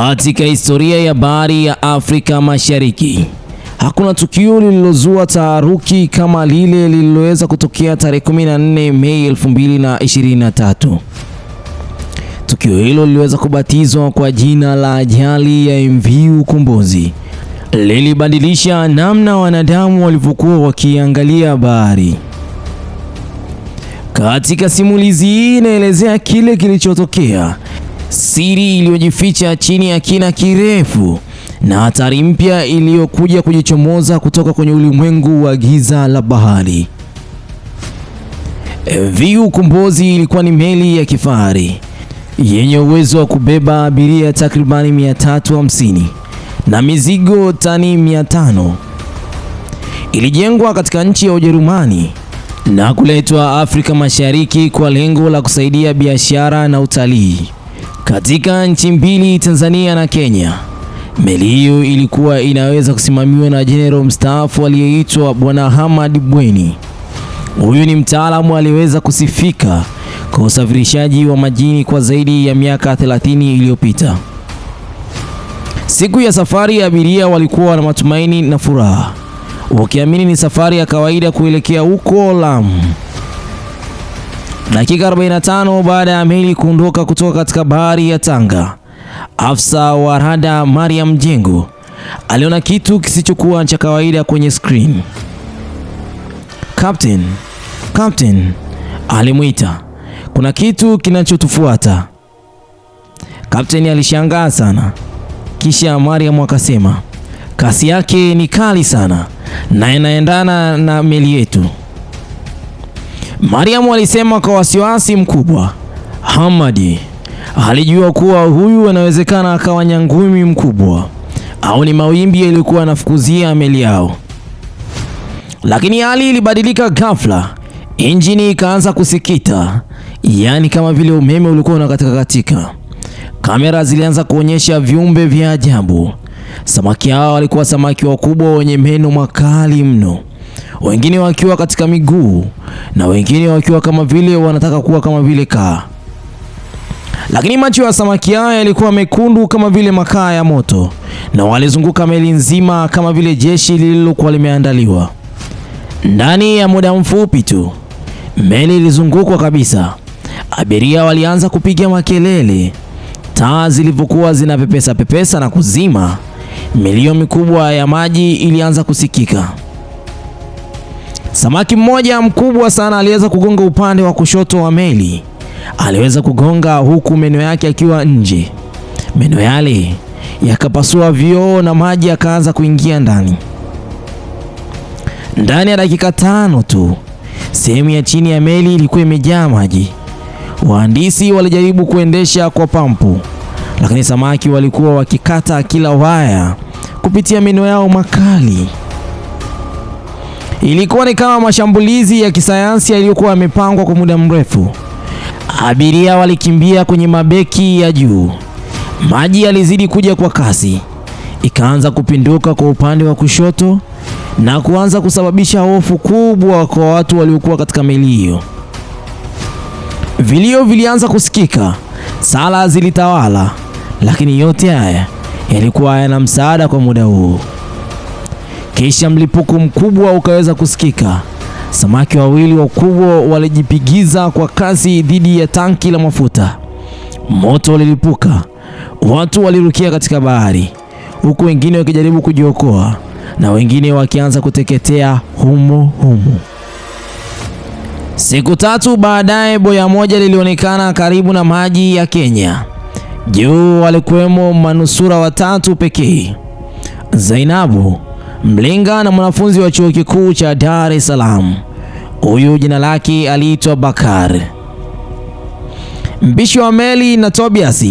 Katika historia ya bahari ya Afrika Mashariki hakuna tukio lililozua taharuki kama lile lililoweza kutokea tarehe 14 Mei 2023. Tukio hilo liliweza kubatizwa kwa jina la ajali ya MV Ukombozi. Lilibadilisha namna wanadamu walivyokuwa wakiangalia bahari. Katika simulizi hii inaelezea kile kilichotokea siri iliyojificha chini ya kina kirefu na hatari mpya iliyokuja kujichomoza kutoka kwenye ulimwengu wa giza la bahari. Viu Ukombozi ilikuwa ni meli ya kifahari yenye uwezo wa kubeba abiria takribani 350 na mizigo tani 500. Ilijengwa katika nchi ya Ujerumani na kuletwa Afrika Mashariki kwa lengo la kusaidia biashara na utalii. Katika nchi mbili Tanzania na Kenya, meli hiyo ilikuwa inaweza kusimamiwa na jenerali mstaafu aliyeitwa Bwana Hamad Bweni. Huyu ni mtaalamu aliyeweza kusifika kwa usafirishaji wa majini kwa zaidi ya miaka 30 iliyopita. Siku ya safari ya abiria walikuwa na matumaini na furaha, wakiamini ni safari ya kawaida kuelekea huko Lamu. Dakika 45 baada ya meli kuondoka kutoka katika bahari ya Tanga, afisa wa rada Mariam Jengo aliona kitu kisichokuwa cha kawaida kwenye screen. Captain, Captain alimwita, kuna kitu kinachotufuata. Captain alishangaa sana, kisha Mariam akasema kasi yake ni kali sana na inaendana na meli yetu. Mariamu alisema kwa wasiwasi mkubwa. Hamadi alijua kuwa huyu anawezekana akawa nyangumi mkubwa au ni mawimbi yaliyokuwa yanafukuzia meli yao, lakini hali ilibadilika ghafla. Injini ikaanza kusikita, yaani kama vile umeme ulikuwa unakatika katika. Kamera zilianza kuonyesha viumbe vya ajabu. Samaki hao walikuwa samaki wakubwa wenye meno makali mno wengine wakiwa katika miguu na wengine wakiwa kama vile wanataka kuwa kama vile kaa. Lakini macho ya samaki haya yalikuwa mekundu kama vile makaa ya moto, na walizunguka meli nzima kama vile jeshi lililokuwa limeandaliwa. Ndani ya muda mfupi tu meli ilizungukwa kabisa. Abiria walianza kupiga makelele, taa zilivyokuwa zinapepesa pepesa na kuzima. Milio mikubwa ya maji ilianza kusikika. Samaki mmoja mkubwa sana aliweza kugonga upande wa kushoto wa meli. Aliweza kugonga huku meno yake akiwa nje. Meno yale yakapasua vioo na maji yakaanza kuingia ndani. Ndani ya dakika tano tu sehemu ya chini ya meli ilikuwa imejaa maji. Wahandisi walijaribu kuendesha kwa pampu, lakini samaki walikuwa wakikata kila waya kupitia meno yao makali. Ilikuwa ni kama mashambulizi ya kisayansi yaliyokuwa yamepangwa kwa muda mrefu. Abiria walikimbia kwenye mabeki ya juu. Maji yalizidi kuja kwa kasi, ikaanza kupinduka kwa upande wa kushoto na kuanza kusababisha hofu kubwa kwa watu waliokuwa katika meli hiyo. Vilio vilianza kusikika, sala zilitawala, lakini yote haya yalikuwa hayana msaada kwa muda huu. Kisha mlipuko mkubwa ukaweza kusikika. Samaki wawili wakubwa walijipigiza kwa kasi dhidi ya tanki la mafuta. Moto ulilipuka, watu walirukia katika bahari, huku wengine wakijaribu kujiokoa na wengine wakianza kuteketea humo humo. Siku tatu baadaye, boya moja lilionekana karibu na maji ya Kenya. Juu walikuwemo manusura watatu pekee: Zainabu Mlinga na mwanafunzi wa chuo kikuu cha Dar es Salaam, huyu jina lake aliitwa Bakar. Mpishi wa meli na Tobias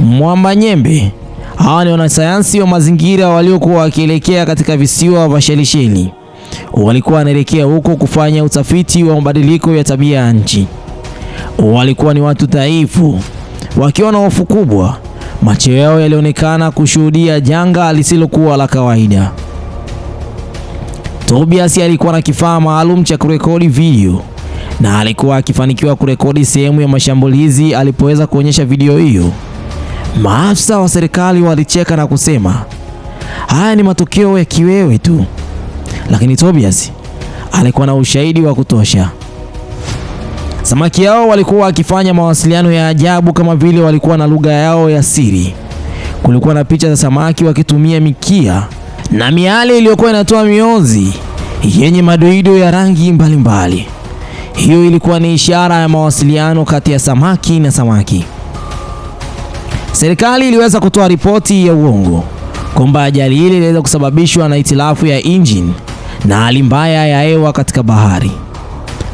Mwamba Nyembe. Hawa ni wanasayansi wa mazingira waliokuwa wakielekea katika visiwa vya Shelisheli. Walikuwa wanaelekea huko kufanya utafiti wa mabadiliko ya tabia ya nchi. Walikuwa ni watu dhaifu, wakiwa na hofu kubwa. Macho yao yalionekana kushuhudia janga lisilokuwa la kawaida. Tobias alikuwa na kifaa maalum cha kurekodi video na alikuwa akifanikiwa kurekodi sehemu ya mashambulizi. Alipoweza kuonyesha video hiyo, maafisa wa serikali walicheka na kusema haya ni matokeo ya kiwewe tu, lakini Tobias alikuwa na ushahidi wa kutosha. Samaki yao walikuwa wakifanya mawasiliano ya ajabu, kama vile walikuwa na lugha yao ya siri. Kulikuwa na picha za samaki wakitumia mikia na miale iliyokuwa inatoa mionzi yenye madoido ya rangi mbalimbali. Hiyo ilikuwa ni ishara ya mawasiliano kati ya samaki na samaki. Serikali iliweza kutoa ripoti ya uongo kwamba ajali ile iliweza kusababishwa na itilafu ya injini na hali mbaya ya hewa katika bahari,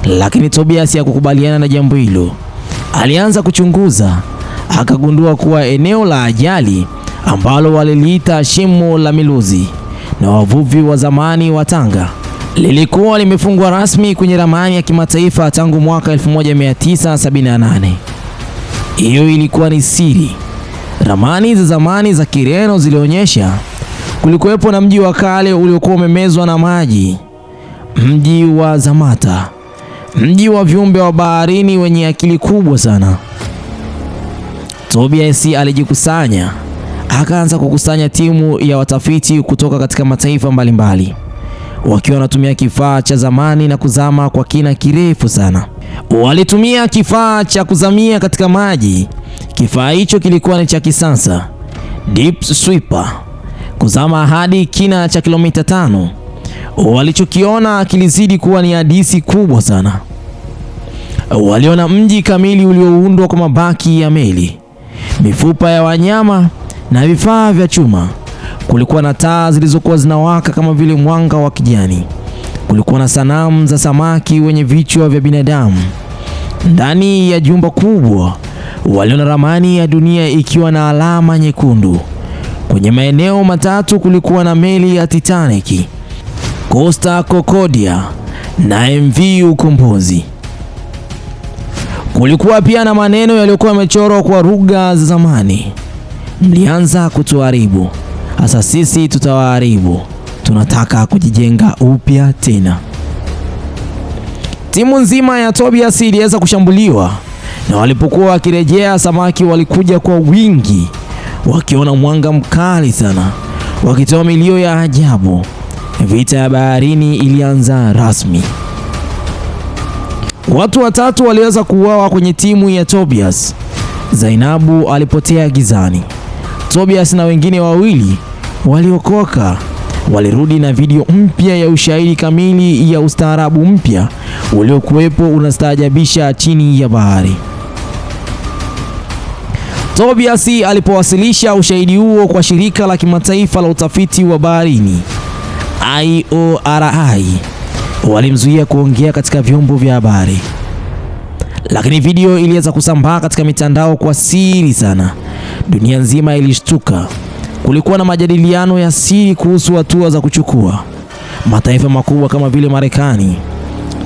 lakini Tobias hakukubaliana na jambo hilo. Alianza kuchunguza, akagundua kuwa eneo la ajali ambalo waliliita shimo la miluzi na wavuvi wa zamani wa Tanga lilikuwa limefungwa rasmi kwenye ramani ya kimataifa tangu mwaka 1978. Hiyo ilikuwa ni siri. Ramani za zamani za Kireno zilionyesha kulikuwepo na mji wa kale uliokuwa umemezwa na maji, mji wa Zamata, mji wa viumbe wa baharini wenye akili kubwa sana. Tobias alijikusanya akaanza kukusanya timu ya watafiti kutoka katika mataifa mbalimbali wakiwa wanatumia kifaa cha zamani na kuzama kwa kina kirefu sana. Walitumia kifaa cha kuzamia katika maji. Kifaa hicho kilikuwa ni cha kisasa deep sweeper, kuzama hadi kina cha kilomita tano. Walichokiona kilizidi kuwa ni hadisi kubwa sana. Waliona mji kamili ulioundwa kwa mabaki ya meli, mifupa ya wanyama na vifaa vya chuma. Kulikuwa na taa zilizokuwa zinawaka kama vile mwanga wa kijani. Kulikuwa na sanamu za samaki wenye vichwa vya binadamu. Ndani ya jumba kubwa waliona ramani ya dunia ikiwa na alama nyekundu. Kwenye maeneo matatu kulikuwa na meli ya Titanic, Costa Concordia na MV Ukombozi. Kulikuwa pia na maneno yaliyokuwa yamechorwa kwa lugha za zamani mlianza kutuharibu, hasa sisi tutawaharibu. Tunataka kujijenga upya tena. Timu nzima ya Tobias iliweza kushambuliwa, na walipokuwa wakirejea, samaki walikuja kwa wingi, wakiona mwanga mkali sana, wakitoa milio ya ajabu. Vita ya baharini ilianza rasmi. Watu watatu waliweza kuuawa kwenye timu ya Tobias. Zainabu alipotea gizani. Tobias na wengine wawili waliokoka walirudi na video mpya ya ushahidi kamili ya ustaarabu mpya uliokuwepo unastaajabisha chini ya bahari. Tobias alipowasilisha ushahidi huo kwa shirika la kimataifa la utafiti wa baharini IORI, walimzuia kuongea katika vyombo vya habari, lakini video iliweza kusambaa katika mitandao kwa siri sana. Dunia nzima ilishtuka. Kulikuwa na majadiliano ya siri kuhusu hatua za kuchukua. Mataifa makubwa kama vile Marekani,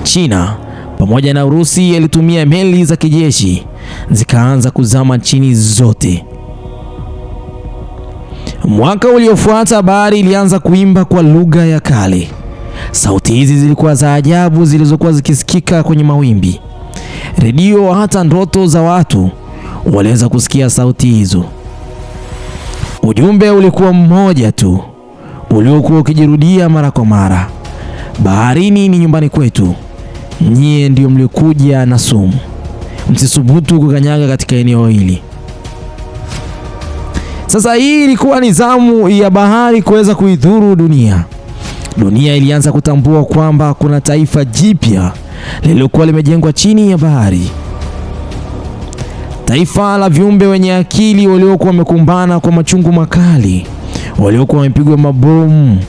China pamoja na Urusi yalitumia meli za kijeshi, zikaanza kuzama chini zote. Mwaka uliofuata habari ilianza kuimba kwa lugha ya kale. Sauti hizi zilikuwa za ajabu zilizokuwa zikisikika kwenye mawimbi, redio, hata ndoto za watu waliweza kusikia sauti hizo. Ujumbe ulikuwa mmoja tu uliokuwa ukijirudia mara kwa mara: baharini ni nyumbani kwetu, nyie ndio mliokuja na sumu, msisubutu kukanyaga katika eneo hili. Sasa hii ilikuwa ni zamu ya bahari kuweza kuidhuru dunia. Dunia ilianza kutambua kwamba kuna taifa jipya lililokuwa limejengwa chini ya bahari taifa la viumbe wenye akili waliokuwa wamekumbana kwa machungu makali, waliokuwa wamepigwa mabomu,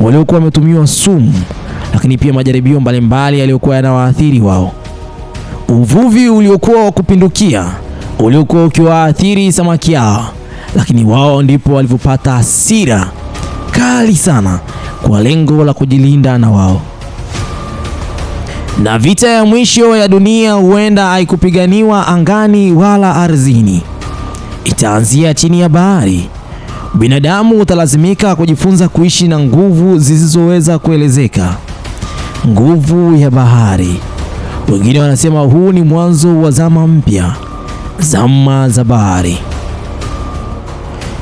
waliokuwa wametumiwa sumu, lakini pia majaribio mbalimbali yaliyokuwa yanawaathiri wao, uvuvi uliokuwa wa kupindukia uliokuwa ukiwaathiri samaki hao, lakini wao ndipo walivyopata hasira kali sana kwa lengo la kujilinda na wao na vita ya mwisho ya dunia huenda haikupiganiwa angani wala ardhini, itaanzia chini ya bahari. Binadamu utalazimika kujifunza kuishi na nguvu zisizoweza kuelezeka, nguvu ya bahari. Wengine wanasema huu ni mwanzo wa zama mpya, zama za bahari.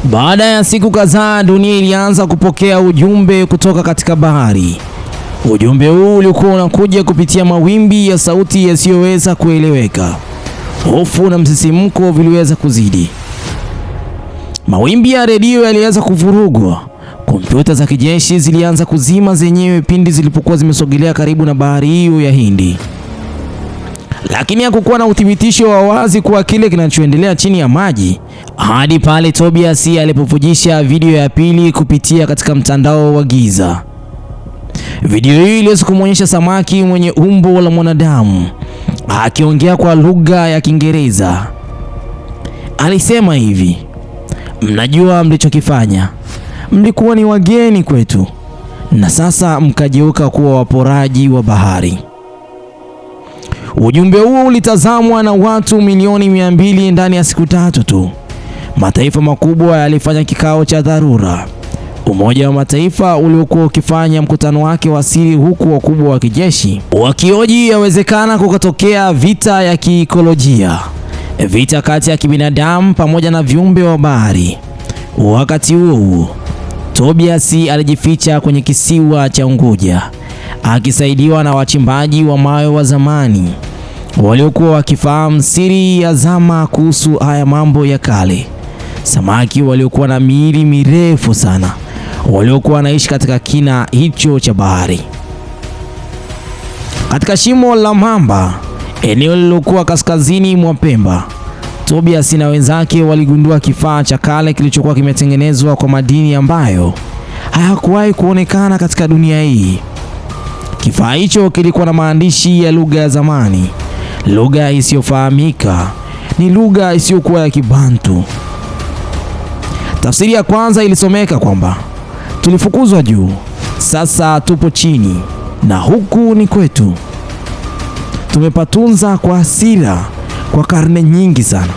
Baada ya siku kadhaa, dunia ilianza kupokea ujumbe kutoka katika bahari. Ujumbe huu ulikuwa unakuja kupitia mawimbi ya sauti yasiyoweza kueleweka. Hofu na msisimko viliweza kuzidi. Mawimbi ya redio yalianza kuvurugwa. Kompyuta za kijeshi zilianza kuzima zenyewe pindi zilipokuwa zimesogelea karibu na bahari hiyo ya Hindi, lakini hakukuwa na uthibitisho wa wazi kuwa kile kinachoendelea chini ya maji, hadi pale Tobias alipofujisha video ya pili kupitia katika mtandao wa giza. Video hii iliweza kumwonyesha samaki mwenye umbo la mwanadamu akiongea kwa lugha ya Kiingereza. Alisema hivi, mnajua mlichokifanya, mlikuwa ni wageni kwetu na sasa mkageuka kuwa waporaji wa bahari. Ujumbe huo ulitazamwa na watu milioni mia mbili ndani ya siku tatu tu. Mataifa makubwa yalifanya kikao cha dharura Umoja wa Mataifa uliokuwa ukifanya mkutano wake wa siri, huku wakubwa wa kijeshi wakioji yawezekana kukatokea vita ya kiikolojia, vita kati ya kibinadamu pamoja na viumbe wa bahari. Wakati huo huo, Tobias alijificha kwenye kisiwa cha Unguja akisaidiwa na wachimbaji wa mawe wa zamani waliokuwa wakifahamu siri ya zama kuhusu haya mambo ya kale, samaki waliokuwa na miili mirefu sana waliokuwa wanaishi katika kina hicho cha bahari. Katika shimo la Mhamba, eneo lililokuwa kaskazini mwa Pemba, Tobias na wenzake waligundua kifaa cha kale kilichokuwa kimetengenezwa kwa madini ambayo hayakuwahi kuonekana katika dunia hii. Kifaa hicho kilikuwa na maandishi ya lugha ya zamani, lugha isiyofahamika, ni lugha isiyokuwa ya Kibantu. Tafsiri ya kwanza ilisomeka kwamba Tulifukuzwa juu, sasa tupo chini, na huku ni kwetu. Tumepatunza kwa hasira kwa karne nyingi sana.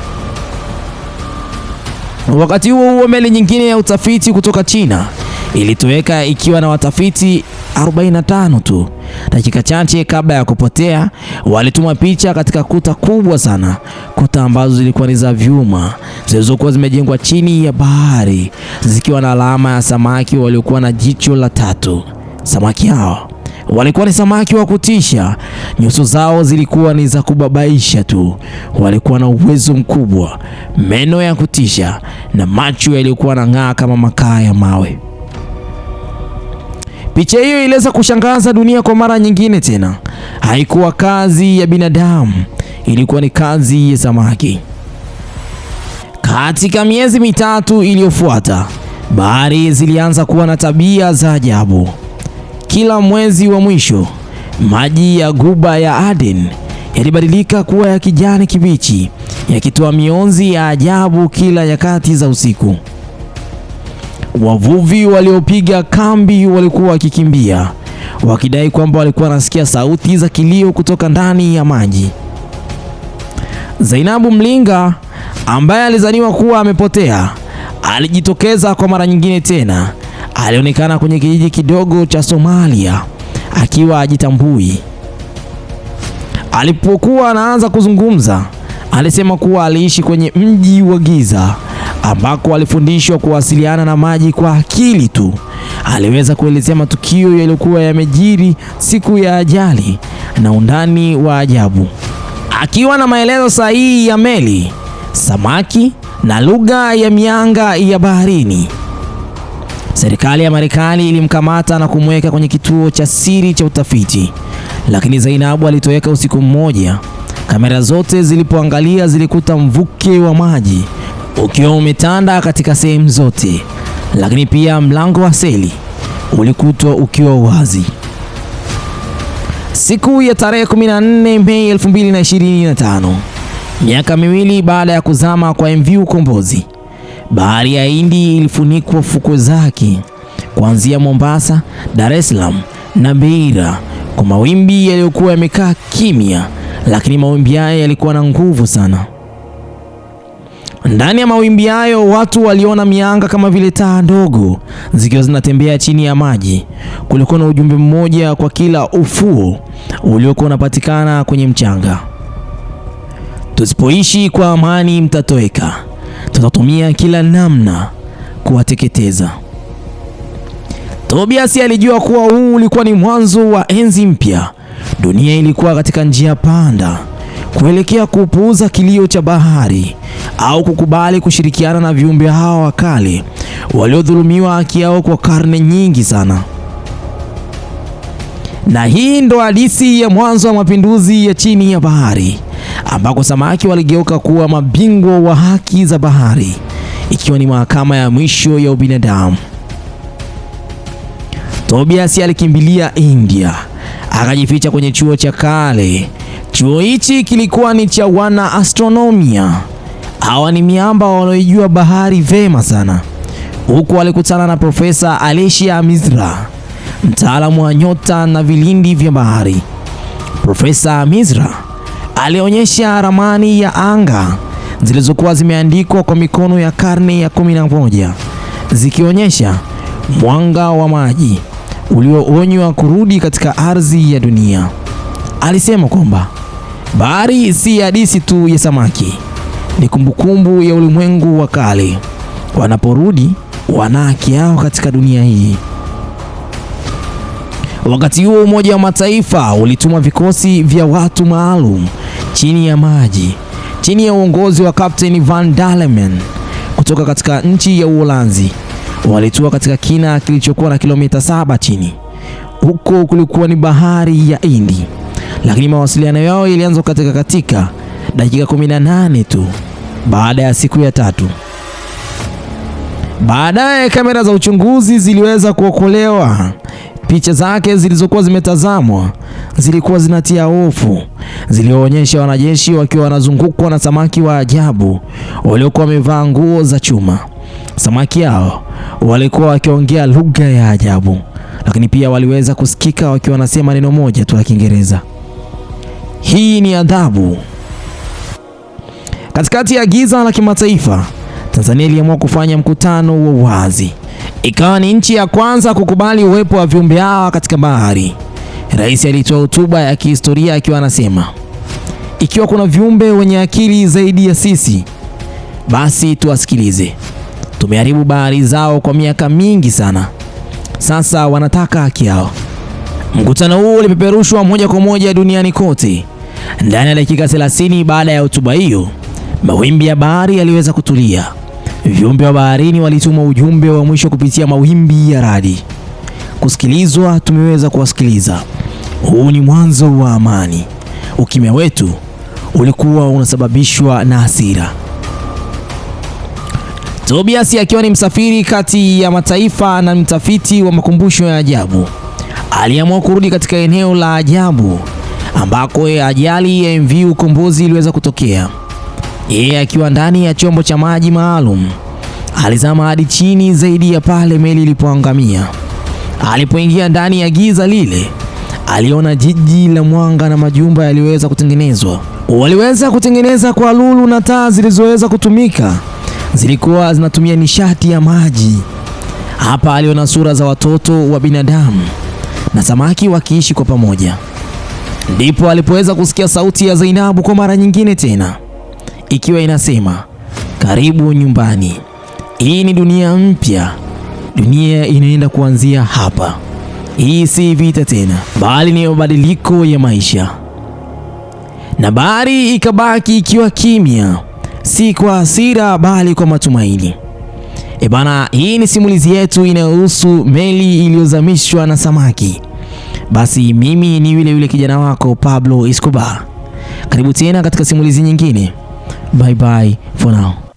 Wakati huo huo, meli nyingine ya utafiti kutoka China ilitoweka ikiwa na watafiti 45 tu. Dakika chache kabla ya kupotea, walituma picha katika kuta kubwa sana, kuta ambazo zilikuwa ni za vyuma zilizokuwa zimejengwa chini ya bahari, zikiwa na alama ya samaki waliokuwa na jicho la tatu. Samaki hao walikuwa ni samaki wa kutisha. Nyuso zao zilikuwa ni za kubabaisha tu. Walikuwa na uwezo mkubwa, meno ya kutisha na macho yaliyokuwa na ng'aa kama makaa ya mawe. Picha hiyo iliweza kushangaza dunia kwa mara nyingine tena. Haikuwa kazi ya binadamu, ilikuwa ni kazi ya samaki. Katika miezi mitatu iliyofuata, bahari zilianza kuwa na tabia za ajabu. Kila mwezi wa mwisho, maji ya guba ya Aden yalibadilika kuwa ya kijani kibichi, yakitoa mionzi ya ajabu kila nyakati za usiku. Wavuvi waliopiga kambi walikuwa wakikimbia wakidai kwamba walikuwa wanasikia sauti za kilio kutoka ndani ya maji. Zainabu Mlinga ambaye alizaniwa kuwa amepotea alijitokeza kwa mara nyingine tena. Alionekana kwenye kijiji kidogo cha Somalia akiwa ajitambui. Alipokuwa anaanza kuzungumza, alisema kuwa aliishi kwenye mji wa giza ambako alifundishwa kuwasiliana na maji kwa akili tu. Aliweza kuelezea matukio yaliyokuwa yamejiri siku ya ajali na undani wa ajabu, akiwa na maelezo sahihi ya meli, samaki na lugha ya mianga ya baharini. Serikali ya Marekani ilimkamata na kumweka kwenye kituo cha siri cha utafiti, lakini Zainabu alitoweka usiku mmoja. Kamera zote zilipoangalia zilikuta mvuke wa maji ukiwa umetanda katika sehemu zote, lakini pia mlango wa seli ulikutwa ukiwa wazi. Siku ya tarehe 14 Mei 2025, miaka miwili baada ya kuzama kwa MV Ukombozi, bahari ya Hindi ilifunikwa fukwe zake kuanzia Mombasa, Dar es Salaam na Beira kwa mawimbi yaliyokuwa yamekaa kimya, lakini mawimbi haya yalikuwa na nguvu sana. Ndani ya mawimbi hayo watu waliona mianga kama vile taa ndogo zikiwa zinatembea chini ya maji. Kulikuwa na ujumbe mmoja kwa kila ufuo uliokuwa unapatikana kwenye mchanga: tusipoishi kwa amani, mtatoweka, tutatumia kila namna kuwateketeza. Tobias alijua kuwa huu ulikuwa ni mwanzo wa enzi mpya. Dunia ilikuwa katika njia panda kuelekea kupuuza kilio cha bahari au kukubali kushirikiana na viumbe hawa wakali waliodhulumiwa haki yao kwa karne nyingi sana. Na hii ndo hadithi ya mwanzo wa mapinduzi ya chini ya bahari ambako samaki waligeuka kuwa mabingwa wa haki za bahari, ikiwa ni mahakama ya mwisho ya ubinadamu. Tobias alikimbilia India akajificha kwenye chuo cha kale. Chuo hichi kilikuwa ni cha wana astronomia Hawa ni miamba wanaoijua bahari vema sana. Huku alikutana na Profesa Alessia Mizra, mtaalamu wa nyota na vilindi vya bahari. Profesa Mizra alionyesha ramani ya anga zilizokuwa zimeandikwa kwa mikono ya karne ya kumi na moja zikionyesha mwanga wa maji ulioonywa kurudi katika ardhi ya dunia. Alisema kwamba bahari si hadisi tu ya samaki ni kumbukumbu ya ulimwengu wa kale wanaporudi wana haki yao katika dunia hii. Wakati huo Umoja wa Mataifa ulituma vikosi vya watu maalum chini ya maji chini ya uongozi wa Captain Van Dalemen kutoka katika nchi ya Uholanzi. Walitua katika kina kilichokuwa na kilomita saba chini. Huko kulikuwa ni bahari ya Hindi, lakini mawasiliano yao yalianza katika katika dakika 18 tu baada ya siku ya tatu. Baadaye kamera za uchunguzi ziliweza kuokolewa. Picha zake zilizokuwa zimetazamwa zilikuwa zinatia hofu, zilionyesha wanajeshi wakiwa wanazungukwa na samaki wa ajabu waliokuwa wamevaa nguo za chuma. Samaki hao walikuwa wakiongea lugha ya ajabu, lakini pia waliweza kusikika wakiwa wanasema neno moja tu la Kiingereza: hii ni adhabu Katikati ya giza la kimataifa, Tanzania iliamua kufanya mkutano wa wazi, ikawa ni nchi ya kwanza kukubali uwepo wa viumbe hawa katika bahari. Rais alitoa hotuba ya kihistoria akiwa anasema, ikiwa kuna viumbe wenye akili zaidi ya sisi, basi tuwasikilize. Tumeharibu bahari zao kwa miaka mingi sana, sasa wanataka haki yao. Mkutano huu ulipeperushwa moja kwa moja duniani kote ndani ya dakika 30 baada ya hotuba hiyo. Mawimbi ya bahari yaliweza kutulia. Viumbe wa baharini walituma ujumbe wa mwisho kupitia mawimbi ya radi. Kusikilizwa, tumeweza kuwasikiliza. Huu ni mwanzo wa amani. Ukimya wetu ulikuwa unasababishwa na hasira. Tobias akiwa ni msafiri kati ya mataifa na mtafiti wa makumbusho ya ajabu aliamua kurudi katika eneo la ajabu ambako ajali ya MV Ukombozi iliweza kutokea yeye akiwa ndani ya chombo cha maji maalum alizama hadi chini zaidi ya pale meli ilipoangamia. Alipoingia ndani ya giza lile, aliona jiji la mwanga na majumba yaliyoweza kutengenezwa. Waliweza kutengeneza kwa lulu na taa zilizoweza kutumika zilikuwa zinatumia nishati ya maji. Hapa aliona sura za watoto wa binadamu na samaki wakiishi kwa pamoja. Ndipo alipoweza kusikia sauti ya Zainabu kwa mara nyingine tena ikiwa inasema karibu nyumbani. Hii ni dunia mpya, dunia inaenda kuanzia hapa. Hii si vita tena, bali ni mabadiliko ya maisha. Na bahari ikabaki ikiwa kimya, si kwa hasira, bali kwa matumaini. E bana, hii ni simulizi yetu inayohusu meli iliyozamishwa na samaki. Basi mimi ni yule yule kijana wako Pablo Escobar. Karibu tena katika simulizi nyingine. Bye bye for now.